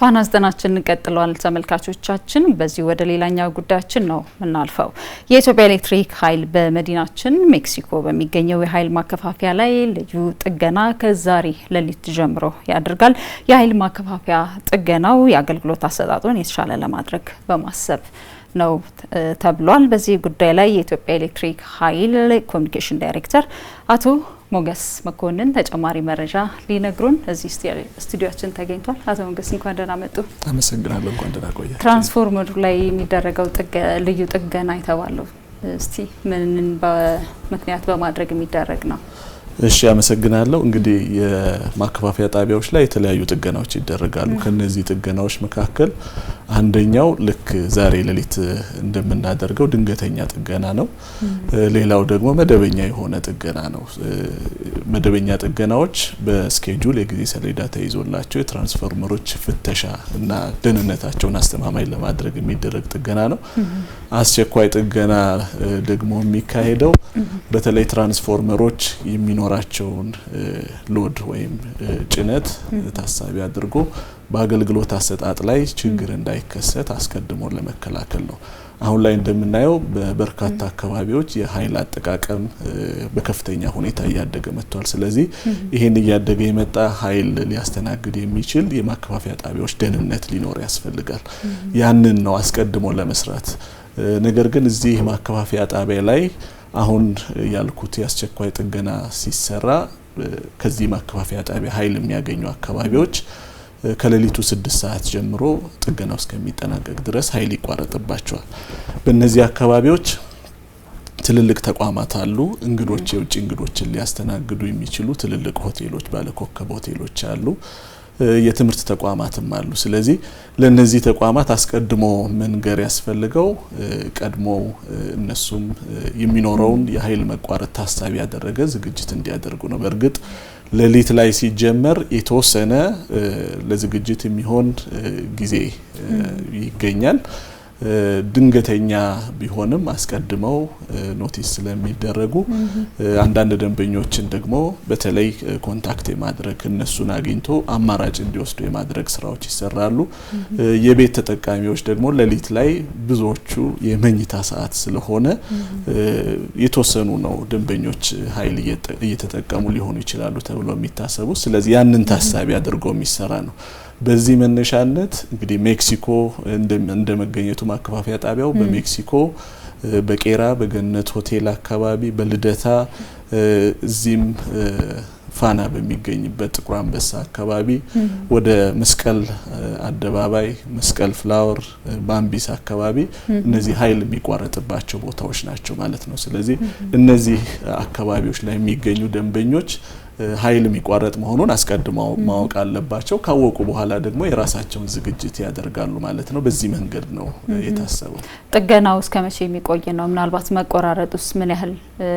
ፋና ዘጠናችን እንቀጥለዋል። ተመልካቾቻችን በዚህ ወደ ሌላኛው ጉዳያችን ነው የምናልፈው። የኢትዮጵያ ኤሌክትሪክ ኃይል በመዲናችን ሜክሲኮ በሚገኘው የኃይል ማከፋፊያ ላይ ልዩ ጥገና ከዛሬ ሌሊት ጀምሮ ያደርጋል። የኃይል ማከፋፊያ ጥገናው የአገልግሎት አሰጣጡን የተሻለ ለማድረግ በማሰብ ነው ተብሏል። በዚህ ጉዳይ ላይ የኢትዮጵያ ኤሌክትሪክ ኃይል ኮሚኒኬሽን ዳይሬክተር አቶ ሞገስ መኮንን ተጨማሪ መረጃ ሊነግሩን እዚህ ስቱዲዮችን ተገኝቷል። አቶ ሞገስ እንኳን ደህና መጡ። አመሰግናለሁ። እንኳን ደህና ቆየ። ትራንስፎርመሩ ላይ የሚደረገው ልዩ ጥገና የተባለው እስቲ ምንን ምክንያት በማድረግ የሚደረግ ነው? እሺ አመሰግናለሁ። እንግዲህ የማከፋፈያ ጣቢያዎች ላይ የተለያዩ ጥገናዎች ይደረጋሉ። ከነዚህ ጥገናዎች መካከል አንደኛው ልክ ዛሬ ሌሊት እንደምናደርገው ድንገተኛ ጥገና ነው። ሌላው ደግሞ መደበኛ የሆነ ጥገና ነው። መደበኛ ጥገናዎች በስኬጁል የጊዜ ሰሌዳ ተይዞላቸው የትራንስፎርመሮች ፍተሻ እና ደህንነታቸውን አስተማማኝ ለማድረግ የሚደረግ ጥገና ነው። አስቸኳይ ጥገና ደግሞ የሚካሄደው በተለይ ትራንስፎርመሮች የሚኖራቸውን ሎድ ወይም ጭነት ታሳቢ አድርጎ በአገልግሎት አሰጣጥ ላይ ችግር እንዳይከሰት አስቀድሞ ለመከላከል ነው። አሁን ላይ እንደምናየው በበርካታ አካባቢዎች የኃይል አጠቃቀም በከፍተኛ ሁኔታ እያደገ መጥቷል። ስለዚህ ይህን እያደገ የመጣ ኃይል ሊያስተናግድ የሚችል የማከፋፈያ ጣቢያዎች ደህንነት ሊኖር ያስፈልጋል። ያንን ነው አስቀድሞ ለመስራት። ነገር ግን እዚህ የማከፋፈያ ጣቢያ ላይ አሁን ያልኩት የአስቸኳይ ጥገና ሲሰራ ከዚህ ማከፋፈያ ጣቢያ ኃይል የሚያገኙ አካባቢዎች ከሌሊቱ ስድስት ሰዓት ጀምሮ ጥገናው እስከሚጠናቀቅ ድረስ ኃይል ይቋረጥባቸዋል። በእነዚህ አካባቢዎች ትልልቅ ተቋማት አሉ። እንግዶች የውጭ እንግዶችን ሊያስተናግዱ የሚችሉ ትልልቅ ሆቴሎች፣ ባለኮከብ ሆቴሎች አሉ። የትምህርት ተቋማትም አሉ። ስለዚህ ለእነዚህ ተቋማት አስቀድሞ መንገር ያስፈልገው ቀድሞ እነሱም የሚኖረውን የኃይል መቋረጥ ታሳቢ ያደረገ ዝግጅት እንዲያደርጉ ነው። በእርግጥ ሌሊት ላይ ሲጀመር የተወሰነ ለዝግጅት የሚሆን ጊዜ ይገኛል። ድንገተኛ ቢሆንም አስቀድመው ኖቲስ ስለሚደረጉ አንዳንድ ደንበኞችን ደግሞ በተለይ ኮንታክት የማድረግ እነሱን አግኝቶ አማራጭ እንዲወስዱ የማድረግ ስራዎች ይሰራሉ። የቤት ተጠቃሚዎች ደግሞ ሌሊት ላይ ብዙዎቹ የመኝታ ሰዓት ስለሆነ የተወሰኑ ነው ደንበኞች ኃይል እየተጠቀሙ ሊሆኑ ይችላሉ ተብሎ የሚታሰቡ ስለዚህ ያንን ታሳቢ አድርጎ የሚሰራ ነው። በዚህ መነሻነት እንግዲህ ሜክሲኮ እንደ መገኘቱ ማከፋፈያ ጣቢያው በሜክሲኮ በቄራ በገነት ሆቴል አካባቢ በልደታ እዚህም ፋና በሚገኝበት ጥቁር አንበሳ አካባቢ ወደ መስቀል አደባባይ፣ መስቀል ፍላወር፣ ባምቢስ አካባቢ እነዚህ ኃይል የሚቋረጥባቸው ቦታዎች ናቸው ማለት ነው። ስለዚህ እነዚህ አካባቢዎች ላይ የሚገኙ ደንበኞች ኃይል የሚቋረጥ መሆኑን አስቀድመው ማወቅ አለባቸው። ካወቁ በኋላ ደግሞ የራሳቸውን ዝግጅት ያደርጋሉ ማለት ነው። በዚህ መንገድ ነው የታሰበው። ጥገናው እስከ መቼ የሚቆይ ነው? ምናልባት መቆራረጥ ውስጥ ምን ያህል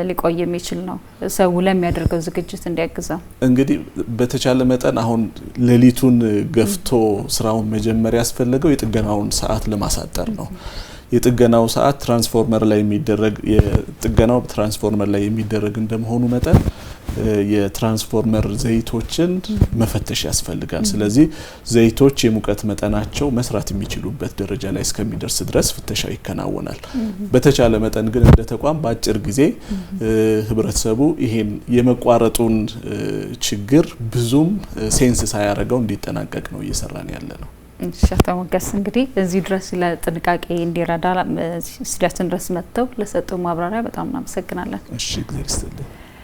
ሊቆይ የሚችል ነው? ሰው ለሚያደርገው ዝግጅት እንዲያግዘው እንግዲህ በተቻለ መጠን አሁን ሌሊቱን ገፍቶ ስራውን መጀመር ያስፈለገው የጥገናውን ሰዓት ለማሳጠር ነው። የጥገናው ሰዓት ትራንስፎርመር ላይ የሚደረግ የጥገናው ትራንስፎርመር ላይ የሚደረግ እንደመሆኑ መጠን የትራንስፎርመር ዘይቶችን መፈተሽ ያስፈልጋል። ስለዚህ ዘይቶች የሙቀት መጠናቸው መስራት የሚችሉበት ደረጃ ላይ እስከሚደርስ ድረስ ፍተሻ ይከናወናል። በተቻለ መጠን ግን እንደ ተቋም በአጭር ጊዜ ህብረተሰቡ ይሄን የመቋረጡን ችግር ብዙም ሴንስ ሳያደርገው እንዲጠናቀቅ ነው እየሰራን ያለ ነው። አቶ ሞገስ እንግዲህ እዚህ ድረስ ለጥንቃቄ እንዲረዳ ስቱዲያችን ድረስ መጥተው ለሰጠው ማብራሪያ በጣም እናመሰግናለን። እሺ፣ እግዚአብሔር ይስጥልኝ።